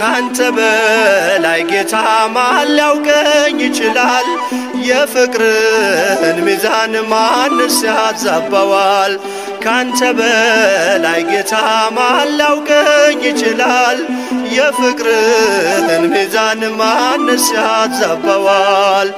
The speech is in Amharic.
ካንተ በላይ ጌታ ማን ሊያውቀኝ ይችላል? የፍቅርን ሚዛን ማንስ ያዛባዋል? ካንተ በላይ ጌታ ማን ሊያውቀኝ ይችላል? የፍቅርን ሚዛን ማንስ ያዛባዋል?